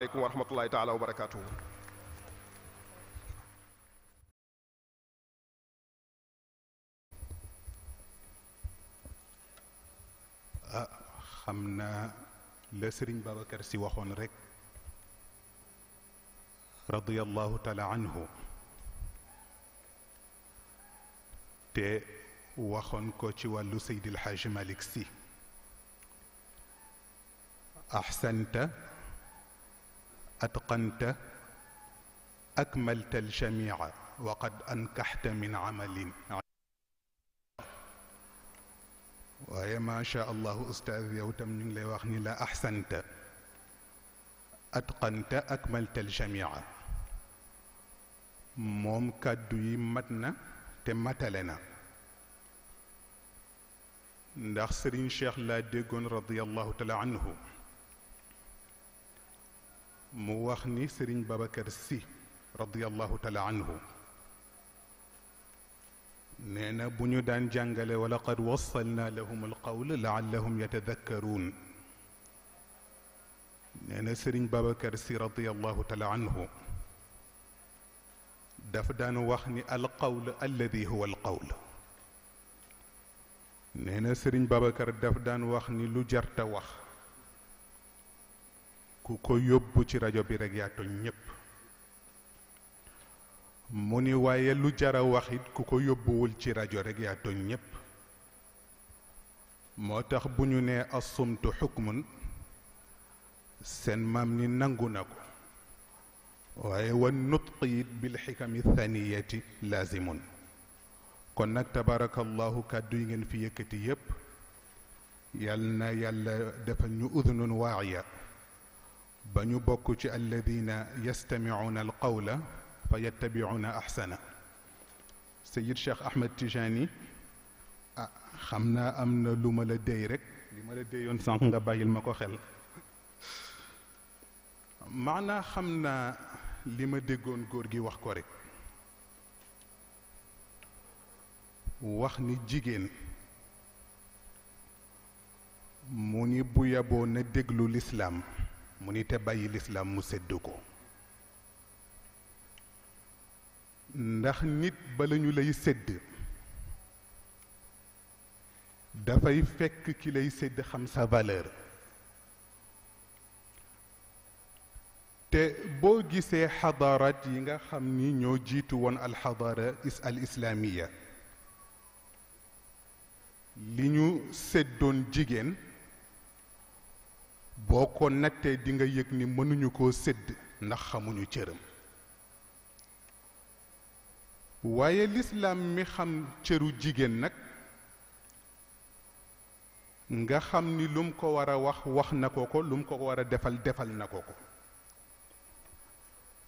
aleykum wa rahmatullahi taala wa barakaatuhu ah xam naa la sëriñ Babacar si waxoon rek radiyallahu taala anhu te waxoon ko ci wàllu Seydil Xaaji Malik si ahsanta atqanta akmalta aljamia wa qad ankaxta min amalin waaye ma sha allahu ustaaz yow tam ñu ngi lay wax ni la axsanta atqanta akmalta aljamia moom kàddu yi mat na te matale na ndax sëriñ cheikh laa déggoon radiallahu taala anhu mu wax ni sëriñ Babacar Sy radiallahu taala anhu nee na bu ñu daan jàngale wa laqad wassalna lahum alqawl laallahum yatadakkaruun nee na sëriñ Babacar Sy radiallahu taala anhu dafa daan wax ni alqawl alladi huwa alqawl nee na sëriñ Babacar daf daan wax ni lu jarta wax ku ko yóbbu ci rajo bi rek yaa tooñ ñépp mu ni waaye lu jara waxit ku ko yóbbuwul ci rajo rek yaa tooñ ñépp moo tax bu ñu nee assumtu xukmun seen maam ni nangu na ko waaye wan nutq it bil xikami thaniyati laazimun kon nag tabarakallahu kàddu yi ngeen fi yëkkati yépp yal na yàlla defal ñu udnun waaxiya ba ñu bokk ci alladina yastamicuuna alqawla fa yattabicuuna axsana sayid cheikh ahmed tijani a ah, xam naa am na lu ma la déy rek li ma la déyoon sànq nga bàyyil ma ko xel maanaa xam naa li ma déggoon góor gi wax ko rek wax ni jigéen mu ni bu yaboo na déglu lislaam mu ni te bàyyi lislaam mu sédd ko ndax nit bala ñu lay sedd dafay fekk ki lay sedd xam sa valeur te boo gisee xadaarat yi nga xam ni ñoo jiitu woon alxadaara al islaamiya li ñu séddoon jigéen boo ko nattee dinga nga yëg ni mënuñu koo sedd ndax xamuñu cëram waaye lislaam mi xam cëru jigéen nag nga xam ni lum ko war wax wax na ko ko lum ko war a defal defal na ko ko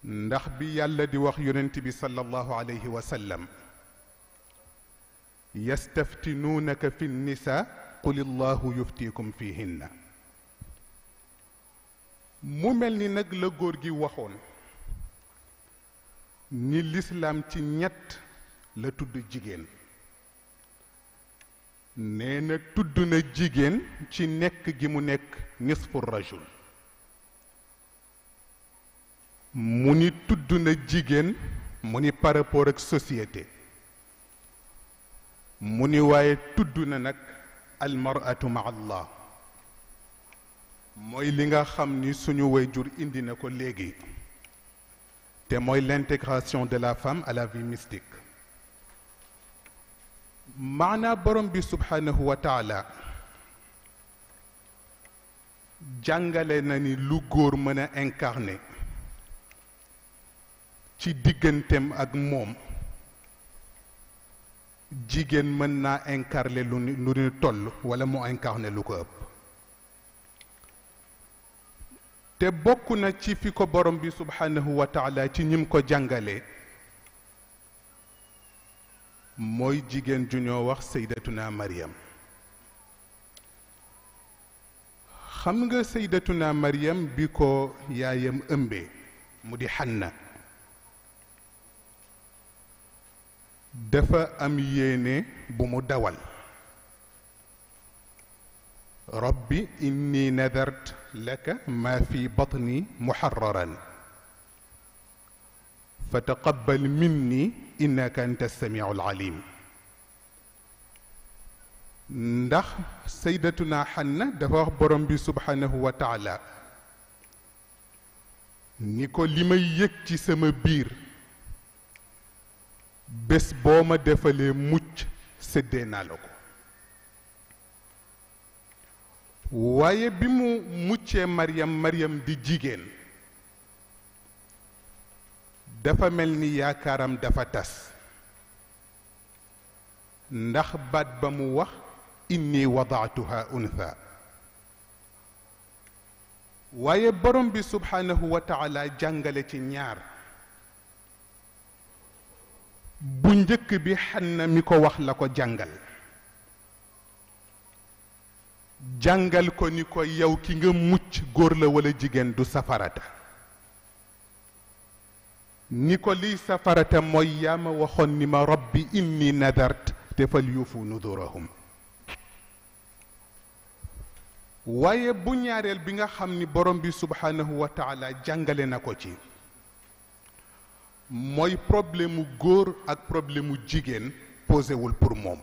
ndax bi yàlla di wax yonent bi sallallahu alayhi wa sallam yastaftinuunaka fi nnisaa qul illahu yuftikum mu mel ni nag la góor gi waxoon ñi lislaam ci ñett la tudd jigéen nee na tudd na jigéen ci nekk gi mu nekk nisfu rajul mu ni tudd na jigéen mu ni par ak société mu ni waaye tudd na nag almaratu ma allah mooy li nga xam ni suñu wayjur indi na ko léegi te mooy l'intégration de la femme à la vie mystique maanaa borom bi subhanahu wa jàngale na ni lu góor mën a incarné ci digganteem ak moom jigéen mën naa incarné lu ni lu ni toll wala mu incarné lu ko ëpp te bokk na ci fi ko borom bi subhanahu wa taala ci ñim ko jàngale mooy jigéen ju ñoo wax saydatuna Maryam xam nga na Maryam bi ko yaayam ëmbee mu di na dafa am yéene bu mu dawal rabbi inni nadart laka maa fi batni muharraran fa taqabbal minni innaka anta samiu alalim ndax saydatuna xanna dafa wax borom bi subhanahu wa taala ni ko li may yëg ci sama biir bés boo ma defalee mucc séddee naa la ko waaye bi mu muccee Maryam Maryam di jigéen dafa mel ni yaakaaram dafa tas ndax baat ba mu wax inni wadaatuha untha waaye borom bi subhaanahu wa jàngale ci ñaar bu njëkk bi xan na mi ko wax la ko jàngal jàngal ko ni ko yow ki nga mucc góor la walla jigéen du safarata ni ko liy safarata mooy yaa ma waxoon ni ma rabbi inni nadart te fal yuufu waaye bu ñaareel bi nga xam ni borom bi subhaanahu wa jàngale na ko ci mooy problème mu góor ak problème mu jigéen posé pour moom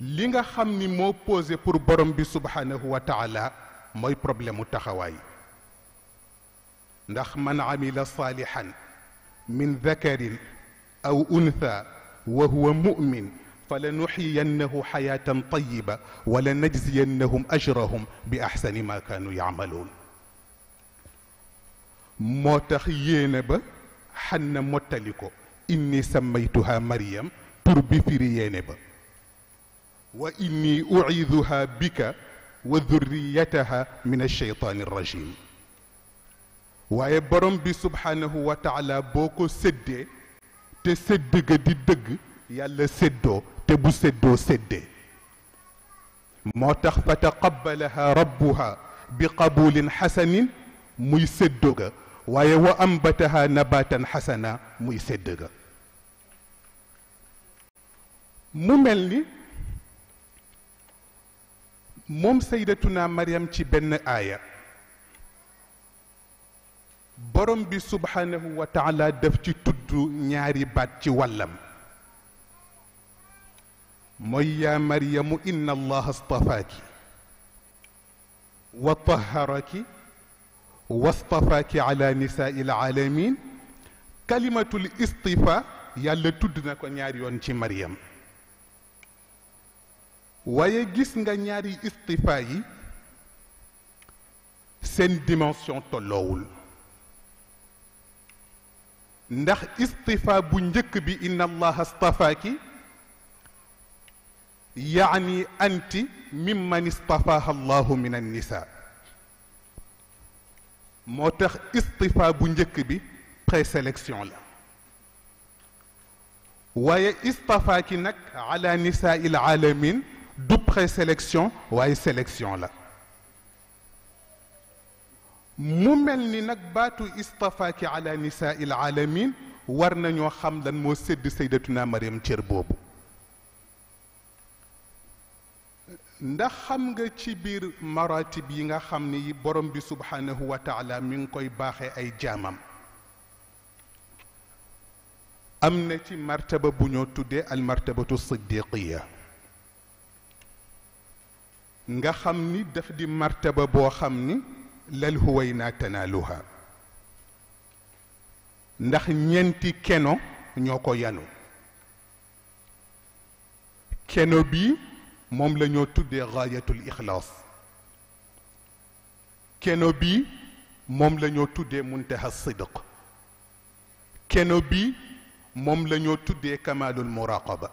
li nga xam ni moo posé pour borom bi subhanahu wa taala mooy problème mu taxawaay ndax man amila saalihan min dakarin aw untha wa huwa mumin fa la nuxiyannahu xayaatan tayiba wala najziyannahum bi axsani ma kaanu yaamaluun moo tax yéene ba xan na mottali ko inni sammaytuha Mariam tur ba wa inni uiduha bika wa dhurriyataha min alsheytaani arrajim waaye borom bi subhaanahu wa taala boo ko séddee te sédd ga di dëgg yàlla séddoo te bu séddoo séddee moo tax fa taqabalaha rabbuha bi qabulin xasanin muy séddoo ga waaye wa ambataha nabatan xasana muy sédd ga mu mel ni moom saydatuna Maryam ci benn aaya borom bi subhanahu wa taala daf ci tudd ñaari baat ci wàllam mooy yaa maryamu inna allaha astafaaki wa taharaki wa astafaaki ala nisaai alaalamin kalimatul istifa yàlla tudd na ko ñaari yoon ci Maryam waaye gis nga ñaari istifa yi seen dimension tolloowul ndax istifa bu njëkk bi inna allaha stafaaki yaani anti mimman istafaha allahu min annisa moo tax istifa bu njëkk bi présélection la waaye istafaaki nag ala nisaa il alamin du présélection waaye sélection la mu mel ni nag baatu istafaaki ala nisaai alaalamin war nañoo xam lan moo sédd saydatuna mariam cër boobu ndax xam nga ci biir maratib yi nga xam ni borom bi subhanahu wa taala mi ngi koy baaxe ay jaamam am na ci martaba bu ñoo tuddee al martabatu siddiqiya nga xam ni daf di martaba boo xam ni lal huway naa tanaaluha ndax ñeenti keno ñoo ko yanu keno bi moom lañoo tuddee gaayatul ixlaas keno bi moom lañoo ñoo tuddee muntaha sidq keno bi moom lañoo tuddee kamalul muraqaba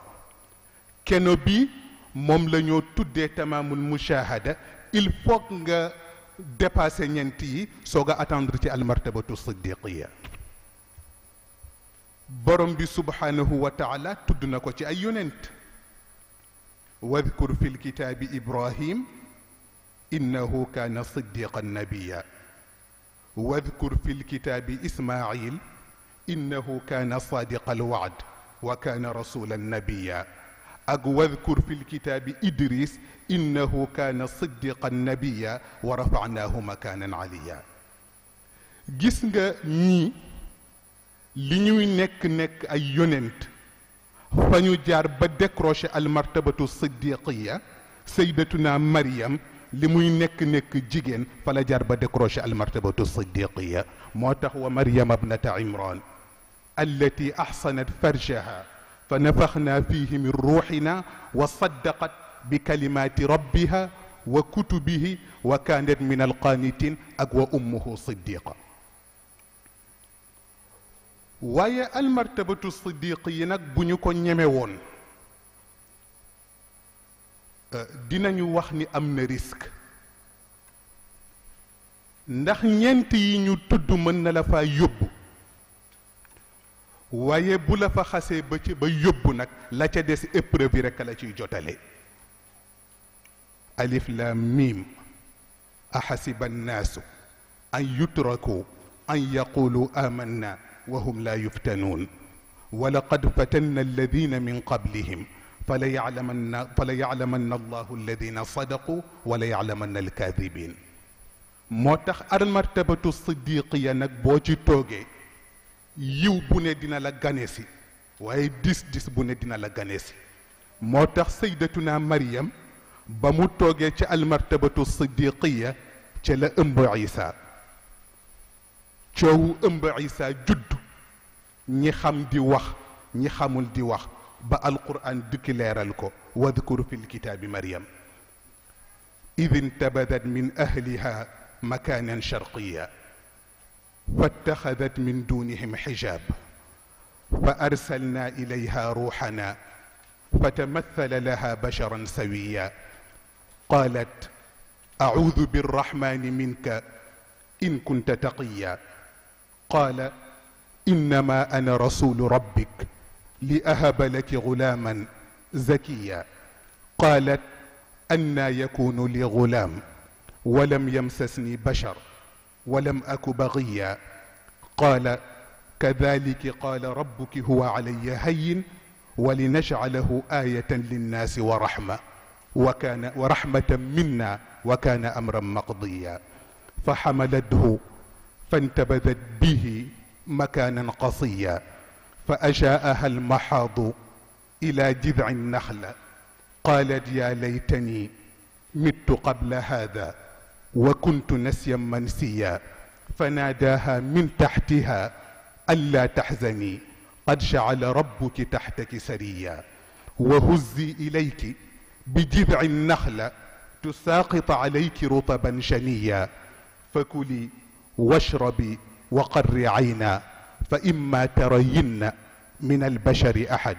keno bi moom lañu ñoo tuddee tamaamul mushahada il faut nga dépasser ñent yi soog a attendre ci almartabatu siddiqiya borom bi subhanahu wa taala tudd na ko ci ay yonent wadkur fi lkitaabi ibrahim innahu kaana siddiqan nabiya wadkur fi lkitaabi ismail innahu kaana sadiqa alwaad wa kaana rasulan nabiya ak wadkur fi lkitaabi idris innahu kaana siddiqan nabiya wa rafanaahu makaanan aliya gis nga ñii li ñuy nekk-nekk ay yonent fa ñu jaar ba décroché al martabatu siddiqiya saydatuna mariam li muy nekk-nekk jigéen fa la jaar ba décroché al martabatu siddiqiya moo tax wa mariam abnata imran allati axsanat farjaha fa nafaxna fihi min ruuxina wa saddaqat bi kalimaati rabbiha wa kutubihi wa kaanat min alqaanitin ak wa ummuhu siddiqa waaye almartabatu siddiq yi nag bu ñu ko ñeme woon euh, dinañu wax ni am na risque ndax ñeent yi ñu tudd mën na la faa waaye bu la fa xasee ba ci ba yóbbu nag la ca des épreuve yi rekk la ciy jotale alif lam mim axasiba annaasu an yutraku an yaqulu amanna wa hum laa yuftanuun wa laqad fatanna alladina min qablihim fala yalamanna fala yalamanna allahu alladina sadaqu wala yalamanna alkaadibin moo tax al martabatu siddiqiya nag boo ci toogee yiw bu ne dina la gane si waaye dis bu ne dina la gane si moo tax saydatuna Maryam ba mu tooge ca almartabatu siddiqiya ca la ëmb Isa coowu ëmb Isa judd ñi xam di wax ñi xamul di wax ba alquran dikki leeral ko wadkur fi lkitaabi Maryam id intabadat min ahliha makanan sharqiya fattaxadat min duunihim xijaab fa arsalna ilayha ruuxana فتمثل لها بشرا سويا قالت اعوذ بالرحمن منك ان كنت تقيا قال انما انا رسول ربك لاهب لك غلاما زكيا قالت انى يكون لي غلام ولم يمسسني بشر walam aku bagiya qaala kadaliki qaala rabbuki huwa alaya hayin walinajcalahu aayatan linnaasi wa raxma wa kaana wa raxmatan minna wa kaana amran maqdiya fa xamalathu fantabadat bihi makaanan qasiya fa ajaa'aha almaxaadu ila jidci nnaxla qaalat yaa laytani mittu qabla haada wa kuntu nasiyan mansiya فناداها من تحتها ألا تحزني قد جعل ربك تحتك سريا وهزي إليك بجذع النخلة تساقط عليك رطبا شنيا فكلي واشربي وقري عينا فإما ترين من البشر أحد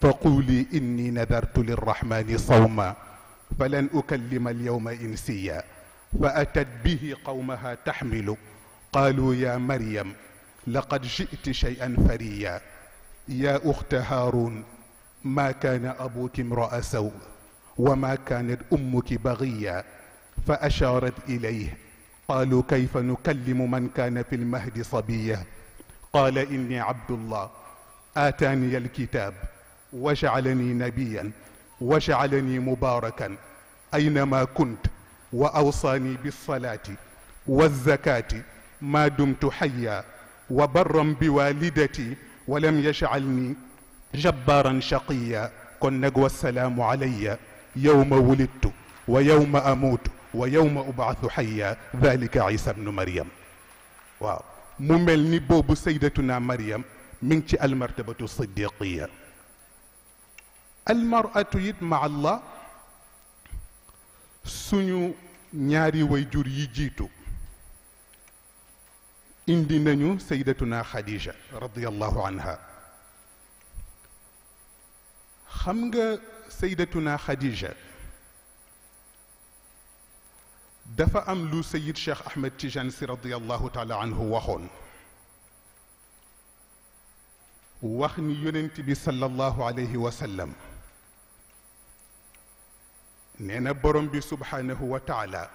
فقولي إني نذرت للرحمن صوما فلن أكلم اليوم إنسيا fa atat bihi qawmaha taxmilu qaalu ya maryam laqad jiti cheyan fariya ya uxta haaron maa kaana abuki mraa saw wa maa kaanat ummuki bagiya fa ashaarat ilayh qaalu kayfa nukallimu man kaana fi lmahdi sabiya qaala inni abdullah aataaniya alkitaab wa jacalanii nabiyan wa jacalanii mubaarakan aynama kunt wa awsaani bilsalaati walzakaati maa dumtu xaya wa barram bi walidati walam yajcalni jabbaaran shaqiya kon nag wassalaamu alaya yowma wulidtu wa yowma amuutu wa yowma ubaatu xaya dalika isa bnu mariam waaw mu mel ni boobu saydatuna mariam mi ngi ci almartabatu siddiqiya almaratu it ma allah suñu ñaari wayjur yi jiitu indi nañu sayyidatuna Khadija radiyallahu anha xam nga sayyidatuna Khadija dafa am lu sayid Cheikh Ahmed Tijaan si radiyallahu taala anhu waxoon wax ni yonent bi sallallahu alayhi wa sallam nee na borom bi subhaanahu wa taala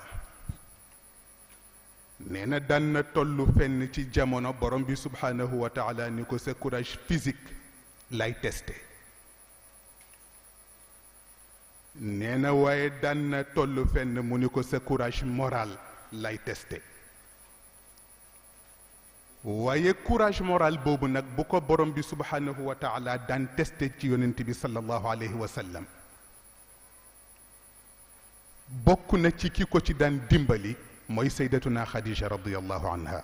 nee na daan na tollu fenn ci jamono borom bi subhaanahu wa taala ni ko sa courage physique lay testé nee na waaye daan na tollu fenn mu ni ko sa courage moral lay testé waaye courage moral boobu nag bu ko borom bi subhaanahu wa taala daan testé ci yonent bi sallallahu alayhi wa sallam bokk na ci ki ko ci daan dimbali mooy na xadija radiallahu anha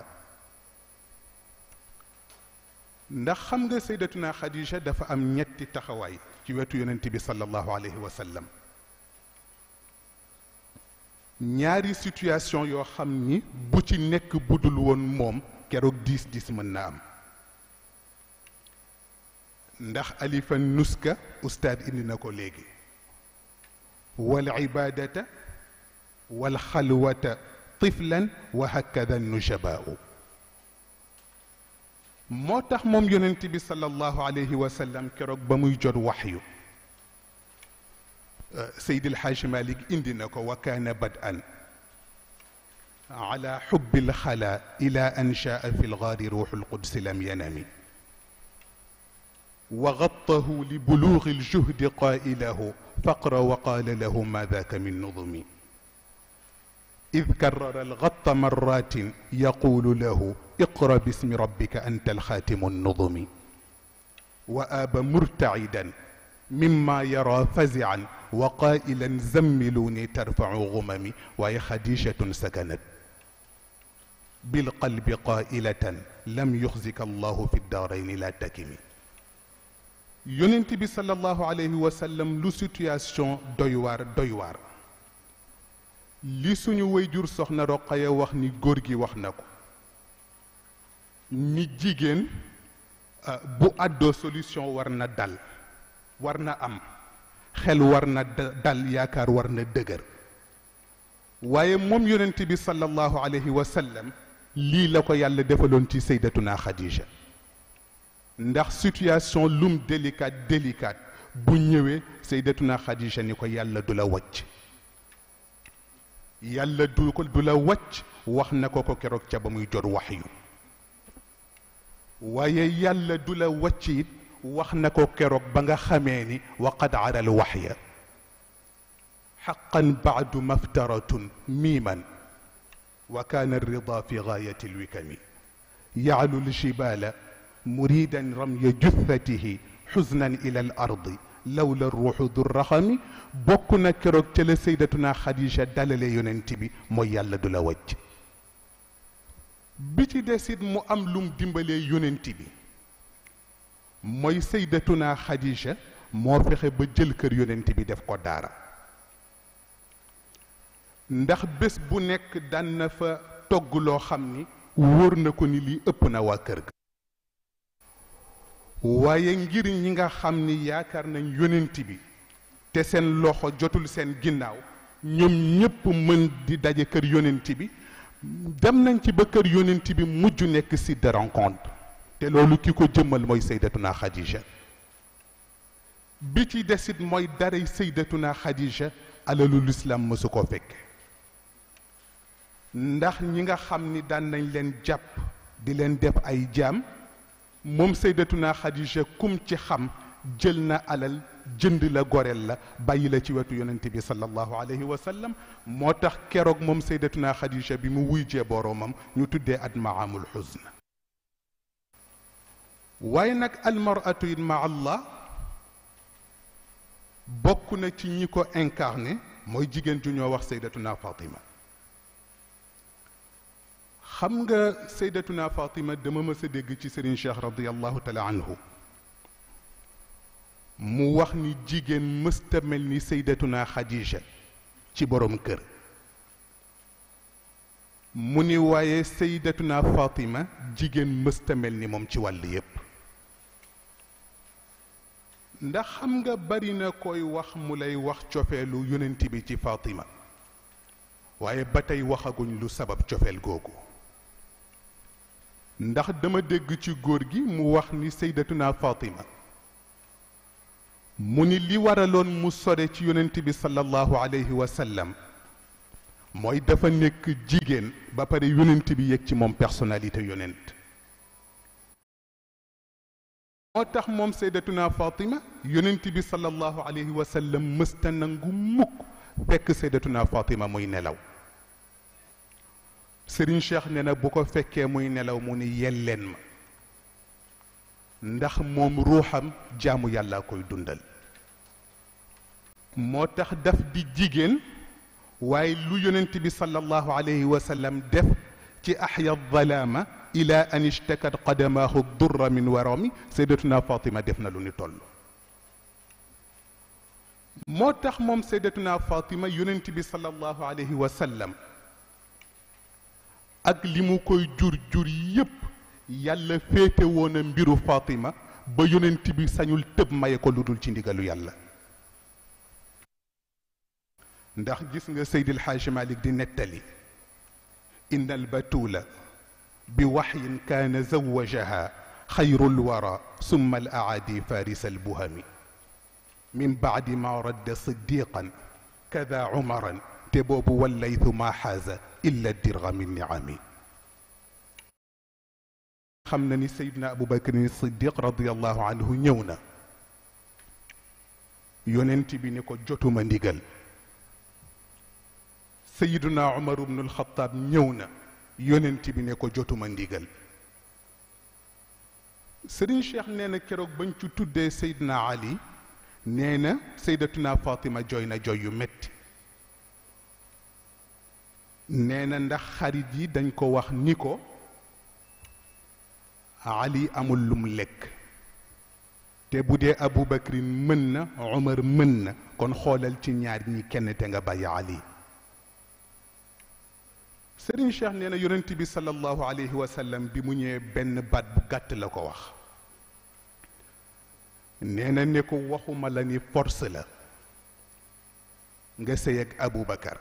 ndax xam nga saydatuna xadija dafa am ñetti taxawaay ci wetu yonent bi sallallahu alayhi wa ñaari situation yoo xam ni bu ci nekk budul woon moom keroog diis diis mën na am ndax alifa nuska ustaad indi na ko léegi walibadata walxalwata tiflan wa hakada nujabaau moo tax moom yonent bi sallallahu alayhi wa sallam keroog ba muy jot waxyu euh, Seydi El Hadj Malick indi na ko wa kaana bad'an ala xubbi lxala ila an shaa fi lgaari ruuxu lqudsi lam yanami wa gattahu li buluugi ljuhdi qaa'ilahu الفقر وقال له ما ذاك من نظم إذ كرر الغط مرات يقول له اقرأ باسم ربك أنت الخاتم النظم وآب مرتعدا مما يرى فزعا وقائلا زملوني ترفع غممي وهي خديشة سكنت بالقلب قائلة لم يخزك الله في الدارين لا تكمي yonent bi sallallahu alayhi wa sallam lu situation doy waar doy waar li suñu wayjur soxna Roqaya wax ni góor gi wax na ko ni jigéen ah, bu àddoo solution war na dal war na am xel war na dal yaakaar war na dëgër waaye moom yonent bi sallallahu alayhi wa sallam lii la ko yàlla defaloon ci saydatuna Xadija ndax situation lum delicat délicate bu ñëwee Sayyidatuna Xadija ni ko yàlla du la wàcc yàlla du ko wax na ko ko keroog ca ba muy jor waxyu waaye yàlla du la wàcc wax na ko keroog ba nga xamee ni waqad aral waxya xaqan baadu maftaratun miiman wa kaana arrida fi gaayati alwikami yaalu ljibaala muridan ramya juthatihi xusnan ila al ardi law la ruuxu du raxami bokk na keroog ca la saydatuna xadija dalale yonent bi mooy yàlla du la wàcc bi ci desit mu am lum dimbalee yonent bi mooy saydatuna xadija moo fexe ba jël kër yonent bi def ko daara ndax bés bu nekk daan na fa togg loo xam ni wóor na ko ni lii ëpp na waa kër ga waaye ngir ñi nga xam ni yaakaar nañ yonent bi te seen loxo jotul seen ginnaaw ñoom ñépp mën di daje kër yonent bi dem nañ ci ba kër yonent bi mujj nekk site de rencontre te loolu ki ko jëmmal mooy saydatuna xadija bi ci desit mooy daray saydatuna xadija alalu lislaam mësu ko fekke ndax ñi nga xam ni daan nañ leen jàpp di leen def ay jaam moom saydatuna xadija kum ci xam jël na alal jënd la goreel la bàyyi la ci wetu yonente bi sallallahu alayhi wa sallam moo tax keroog moom saydatuna xadija bi mu wuy jee boroomam ñu tuddee at maamul xusn waaye nag almaratu it ma allah bokk na ci ñi ko incarné mooy jigéen ju ñoo wax saydatuna fatima xam nga saydatuna Fatima dama mës dégg ci Serigne Cheikh radiallahu taala anhu mu wax ni jigéen mësta mel ni saydatuna Xadija ci boroom kër mu ni waaye saydatuna Fatima jigéen mësta mel ni moom ci wàll yépp ndax xam nga bari na koy wax mu lay wax cofeelu yonent bi ci Fatima waaye ba tey waxaguñ lu sabab cofeel googu ndax dama dégg ci góor gi mu wax ni saydatuna Fatima mu ni li waraloon mu sore ci yonent bi sallallahu alayhi wa mooy dafa nekk jigéen ba pare yonent bi yëg ci moom personnalité yonent moo tax moom saydatuna Fatima yonent bi sallallahu alayhi wa sallam mësta nangu mukk fekk saydatuna Fatima muy nelaw sëriñ Cheikh ne na bu ko fekkee muy nelaw mu ni yelleen ma ndax moom ruuxam jaamu yàlla koy dundal moo tax daf di jigéen waaye lu yonent bi sallallahu alayhi wa def ci axya dalaama ila an ishtakat qadamaahu durra min warami saydatuna fatima def na lu ni toll moo tax moom saydatuna fatima yonent bi sallallahu alayhi wa sallam ak li mu koy jur jur yépp yàlla féete woon a Fatima ba yonent bi sañul tëb maye ko lu dul ci ndigalu yàlla ndax gis nga Seydil Xaaji Malik di nettali inna albatula bi waxyin kaana zawajaha xayru lwara summa al faris albuhami min baadi ma radda siddiqan kada umaran te boobu wallaytu ma xaaza illa dirhami niami xam na ni sayidna abubakrin siddiq radiallahu anhu ñëw na yonent bi ni ko jotuma ndigal sayiduna umar ibnu alxataab ñëw na yonent bi ne ko jotuma ndigal sëriñ cheikh nee na keroog bañ ci tuddee sayidna ali nee na sayidatuna fatima jooy na jooy yu metti nee na ndax xarit yi dañ ko wax ni ko ali amul lum lekk te bu dee aboubacrin mën na omar mën na kon xoolal ci ñaar ñi kenn te nga bàyyi ali sëriñ cheikh nee na yonent bi sallallahu alayhi wa bi mu ñëwee benn baat bu gàtt la ko wax nee na ne ko waxuma la ni force la nga sëy ak bakar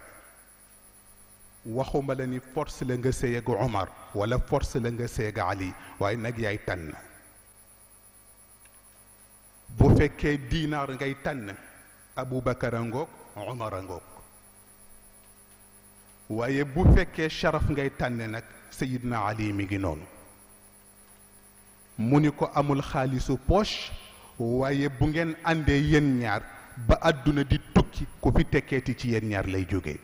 waxuma la ni force la nga sëy ak Omar wala force la nga sëy Ali waaye nag yaay tànn bu fekkee diinaar ngay tànn Aboubacar a ngoog Omar ngoog waaye bu fekkee sharaf ngay tànn nag Seydina Ali mi ngi noonu mu ni ko amul xaalisu poche waaye bu ngeen àndee yéen ñaar ba àdduna di tukki ku fi tekkeeti ci yéen ñaar lay jóge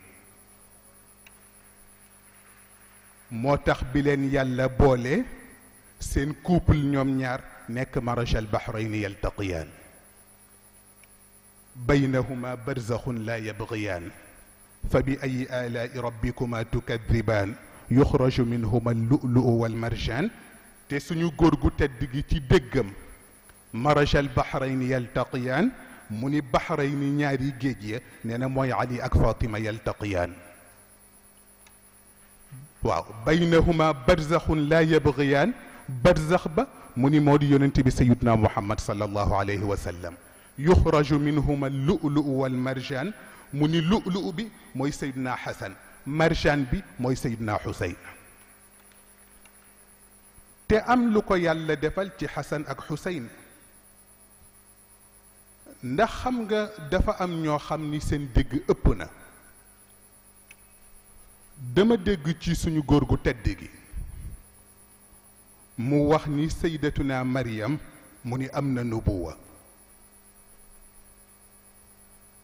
moo tax bi leen yàlla boole seen couple ñoom ñaar nekk maraj al bahrayni yaltaqiyaan baynahuma barzaxun laa yabgiyaan fa bi ay alaai rabbikuma tukadibaan yuxraju minhuma alluluu walmarjaan te suñu góor gu tedd gi ci déggam maraj al bahrayni yaltaqiyaan mu ni bahrayni ñaari géej ya nee na mooy ali ak fatima yaltaqiyaan waaw baynahuma barzaxun laa yabgiyaan barzax ba mu ni moo di yonent bi sayidna muhammad sallallahu alayhi wa sallam yuxraju minhuma lu'lu'u wal marjaan mu ni lu'lu'u bi mooy sayidna xasan marjaan bi mooy sayidna xuseyn te am lu ko yàlla defal ci xasan ak xuseyn ndax xam nga dafa am ñoo xam ni seen dégg ëpp na dama dégg ci suñu góor gu tedd gi mu wax ni seydatu sayyidatuna Maryam mu ni am na nubuwa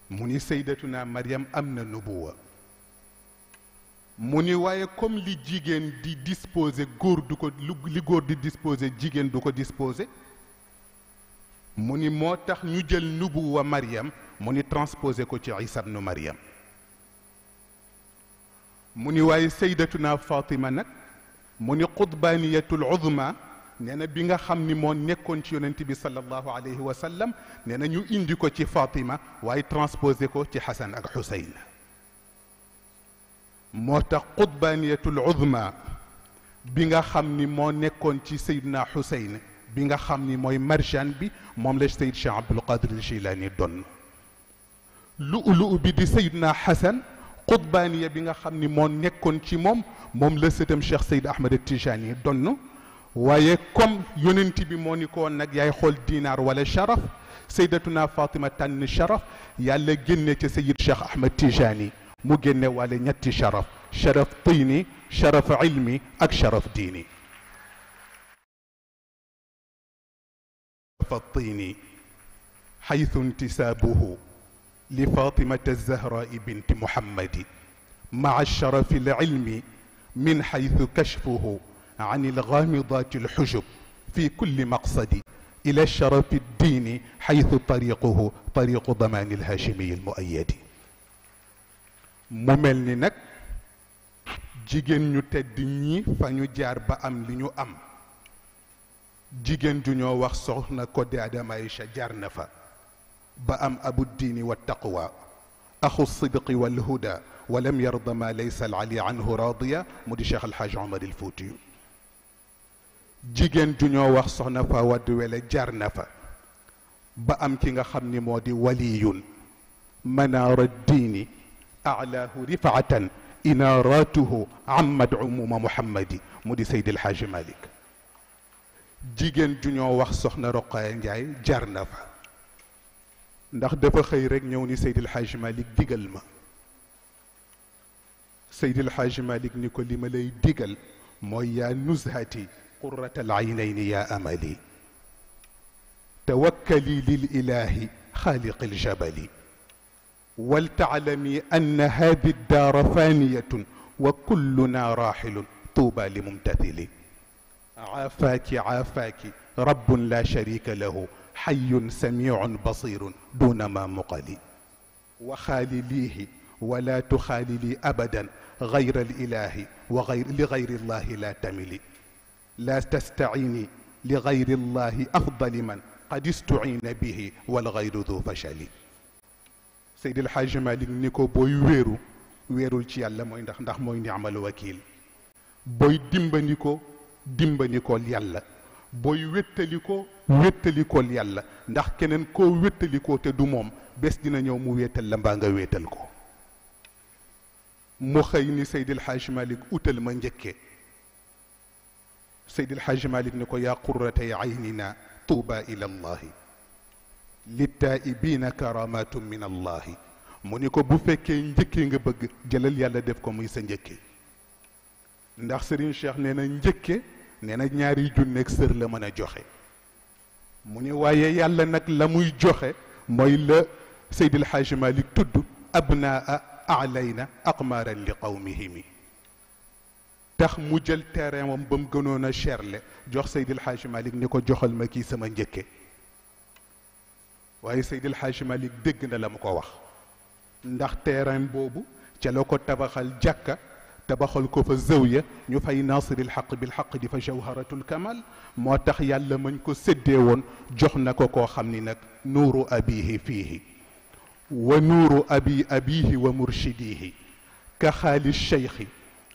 mu ni sayyidatuna Maryam am na nubuwa mu ni waaye comme li jigéen di disposé góor du ko li góor di disposé jigéen du ko disposé mu ni moo tax ñu jël wa Maryam mu ni transposé ko ci Isa ibnu Maryam mu ni waaye saydatuna Fatima nag mu ni qutbaniyatul uzma nee na bi nga xam ni moo nekkoon ci yonent bi sallallahu alayhi wa sallam nee na ñu indi ko ci Fatima waaye transposé ko ci Xasan ak Xuseyn moo tax qutbaniyatul uzma bi nga xam ni moo nekkoon ci Seydina Xuseyn bi nga xam ni mooy marjan bi moom la Seyd Cheikh Abdul Qadir al Jilani doon lu'lu' bi di Seydina Xasan xutbaaniya bi nga xam ni moo nekkoon ci moom moom la sëtam Cheikh Seyd Ahmed Tijani donn waaye comme yonent bi moo ni ko woon nag yaay xool dinaar wala sharaf saydatuna Fatima tànn sharaf yàlla génne ca Seyyid Cheikh Ahmed Tijani mu génne wala ñetti sharaf sharaf tiini sharaf ilmi ak sharaf diini sharaf tiini xaytu intisaabuhu li fatimata alzahrai binti muhammadi maa sharafi alilmi min xaytu kashfuhu an algaamidati alxujub fi kulli maqsadi ila sharafi ddiini xaytu tariquhu tariqu damaani alhaashimiyi almuayyadi mu mel ni nag jigéen ñu tedd ñi fa ñu jaar ba am li ñu am jigéen ju ñoo wax soxna ko di Adama Aïcha jaar na fa ba am abu diini wa taqwa axu sidqi wal huda wa lam yarda ma laysa alali anhu radiya mu di cheikh alxaaj omar il fuuti jigéen ju ñoo wax soxna fa waddu wele jaar na fa ba am ki nga xam ni moo di waliyun manaara diini alaahu rifaatan inaaratuhu amad umuma muhammadi mu di seydi alxaaji malik jigéen ju ñoo wax soxna roqaya njaay jaar na fa ndax dafa xëy rek ñëw ni Seydil Hadj Malick digal ma Seydil Hadj Malick ni ko li ma lay digal mooy yaa nuzhati qurrat al aynayni yaa amali tawakkali lil ilahi xaaliq al jabali wal taalami anna hadi daara faniyatun wa kulluna raaxilun tuuba li mumtathili aafaaki aafaaki rabbun la sharika lahu xayun samiun basirun duna ma muqali wa xaaliliihi wala tuxaalili abadan gayra alilahi wa gayr li gayri llahi la tamili la tastaciini li gayri llahi afdali man qad istuciina bihi wal gayru du fashali Seydi El Hadji Malick ni ko booy wéeru wéerul ci yàlla mooy ndax ndax mooy ni'mal wakiil booy dimbandikoo dimbandikool yàlla booy wéttaliko wéttalikool yàlla ndax keneen koo wéttalikoo te du moom bés dina ñëw mu wéetal la mbaa nga wéetal ko mu xëy ni Seydil Hadj Malick utal ma njëkke Seydil Hadj Malick ni ko yaa qurratay aynina tuuba ila allahi littaaibiina karamatun min allahi mu ni ko bu fekkee njëkkee nga bëgg jëlal yàlla def ko muy sa njëkke ndax Serigne Cheikh nee na nee na ñaari junneeg sër la mën a joxe mu ne waaye yàlla nag la muy joxe mooy la Seydil Haaji Malik tudd abnaa alayna aqmaaran li qawmihimi tax mu jël terrain wam ba mu gënoon a cherle jox Seydil Haaji Malik ni ko joxal ma kii sama njëkke waaye Seydil Haaji Malik dégg na la mu ko wax ndax terrain boobu ca la ko tabaxal jàkka tabaxal ko fa zawiya ñu fay naasiril xaq bil xaq di fa jawharatul kamal moo tax yàlla mañ ko séddee woon jox na ko koo xam ni nag nuuru abihi fiihi wa nuuru abi abihi wa murshidihi ka xaali cheikhi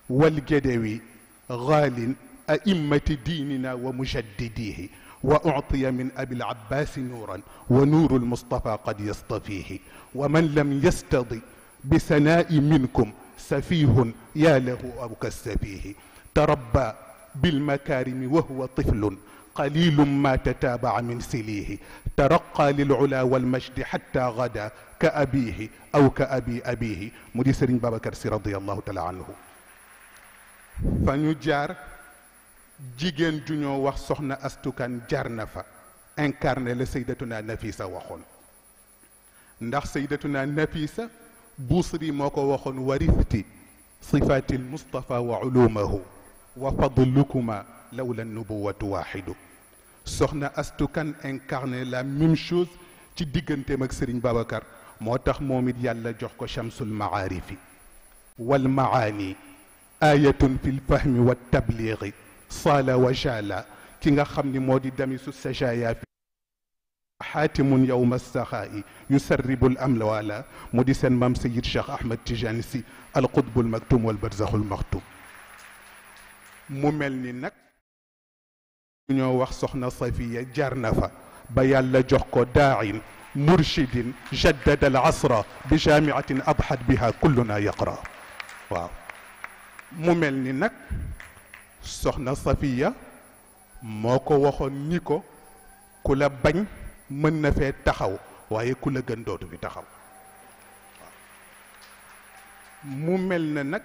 wal gedewi gaalin a'immati diinina wa mujaddidihi wa uctiya min abil abbaasi nuuran wa nuuru lmustafa qad yastafiihi wa man lam yastadi bi sanaa'i minkum سفيه يا له أو كالسفيه تربى بالمكارم وهو طفل قليل ما تتابع من سليه ترقى للعلا والمجد حتى غدا كأبيه أو كأبي أبيه مدي سرين بابا كرسي رضي الله تعالى عنه فنجار jaar jigéen ju ñoo wax soxna astukan jaar na fa incarné la saydatuna nafisa waxoon ndax saydatuna nafisa buusri moo ko waxoon warifti sifaati almustafa wa ulumahu wa fadlukuma lawla nubuwatu waaxidu soxna astukan incarné la même chose ci digganteem ak sëriñ Babacar moo tax moom it yalla jox ko chamsul maarifi wal maani ayatun fi lfahmi wa tabliigi saala wa jaala ki nga xam ni moo di dami su sajaya xaatimun yowma saxaa'i yusarribu l amwaala mu di seen maam Seyyid Cheikh Ahmed Tijani si alqutbul maktum wal barzaxul maktum mu mel ni nag ñoo wax soxna Safiya jaar na fa ba yàlla jox ko daa'in murshidin jaddada al asra bi jaamiatin adxat biha kulluna yaqra waaw mu mel ni nag soxna Safiya moo ko waxoon ni ko ku la bañ mën na fee taxaw waaye ku la gën dootu fi taxaw mu mel na nag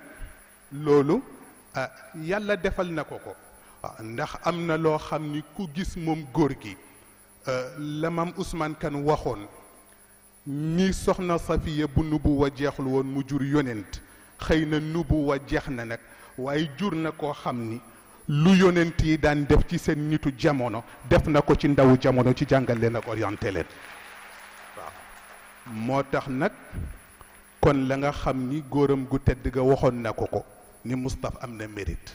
loolu ah, yàlla defal na ko ko ah, ndax am na loo xam ni ku gis moom góor gi ah, la maam Ousmane waxoon ni soxna Safiya bu nubuwa jeexul woon mu jur yonent xëy na nubuwa jeex na nag waaye jur na koo xam ni lu yonent yi daan def ci seen nitu jamono def na ko ci ndawu jamono ci jàngal leen ak orienté leen waaw moo tax nag kon la nga xam ni góoram gu tedd ga waxoon na ko ko ni Moustapha am na mérite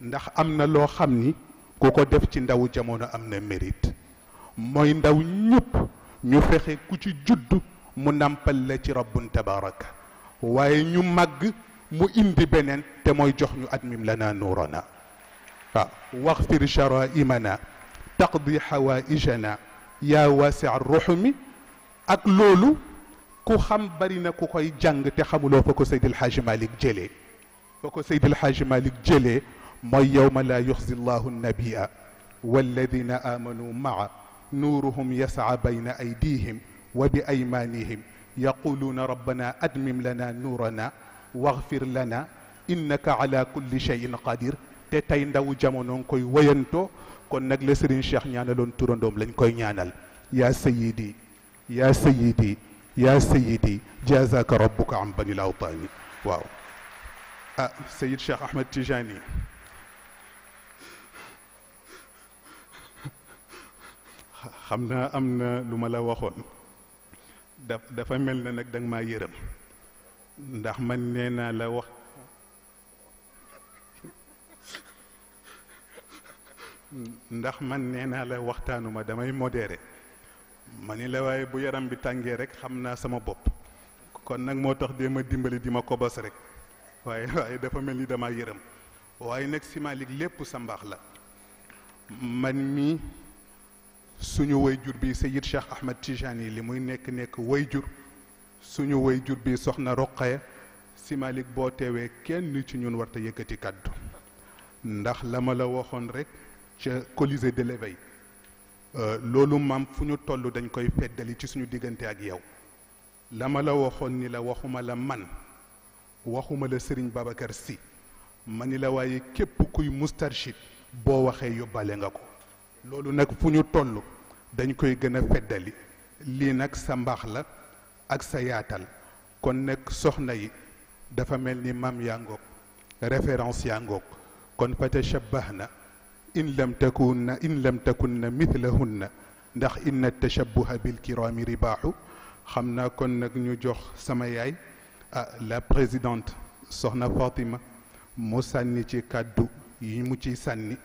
ndax am na loo xam ni ku ko def ci ndawu jamono am na mérite mooy ndaw ñépp ñu fexe ku ci juddu mu nàmpal la ci rabbun tabaraka waaye ñu màgg mu indi beneen te mooy jox ñu at mim la naa waaw waxfir charaimana taqdi xawaaijana yaa waasi'a ruxumi ak loolu ku xam bari na ku koy jàng te xamuloo fa ko Seydil Hadji Malick jëlee fa ko Seydil Hadji Malick jëlee mooy yowma laa yuxzi llahu nabia walladina amanu maa nuuruhum yasaa bayna aydihim wa bi aymanihim yaquluuna rabbana admim lana nuurana waxfir lana innaka ala kulli cheyin qadir te tey ndawu jamono ngi koy woyantoo kon nag la Serigne Cheikh ñaanaloon turandoom lañ koy ñaanal ya sayidi yaa sayidi yaa sayidi jazaka rabbuka am banil awtaani waaw ah sayid Cheikh Ahmed Tijani xam naa am na lu ma la waxoon da dafa mel na nag danga ma yërëm ndax man nee la wax ndax man nee naa la waxtaanuma damay modéré ma ni la waaye bu yaram bi tàngee rek xam naa sama bopp kon nag moo tax dee ma dimbali di ma kobos rek waaye waaye dafa mel ni dama yërëm waaye nag si lépp sa mbaax la man mi suñu jur bi Seyyid Cheikh Ahmed Tijani li muy nekk nekk woy jur suñu woy jur bi soxna Roqaya si boo teewee kenn ci ñun warta yëkkati kàddu ndax la ma la waxoon rekk ca Colisée de l'éveil euh, loolu maam fu ñu toll dañ koy feddali ci suñu diggante ak yow la ma la waxoon ni la waxuma la man waxuma la Serigne Babacar si ma ni la waaye képp kuy mustarchid boo waxee yóbbaale nga ko loolu nag fu ñu tollu dañ koy gën a feddali lii nag sa mbaax la ak sa yaatal kon nekk soxna yi dafa mel ni maam yaa ngoog référence yaa ngoog kon fata baax na in lam takunna in lam takunna mithlahunna ndax inna tashabuha bil kirami ribaahu xam naa kon nag ñu jox sama yaay a ah, la présidente soxna Fatima mu sànni ci kàddu yi mu ci sànni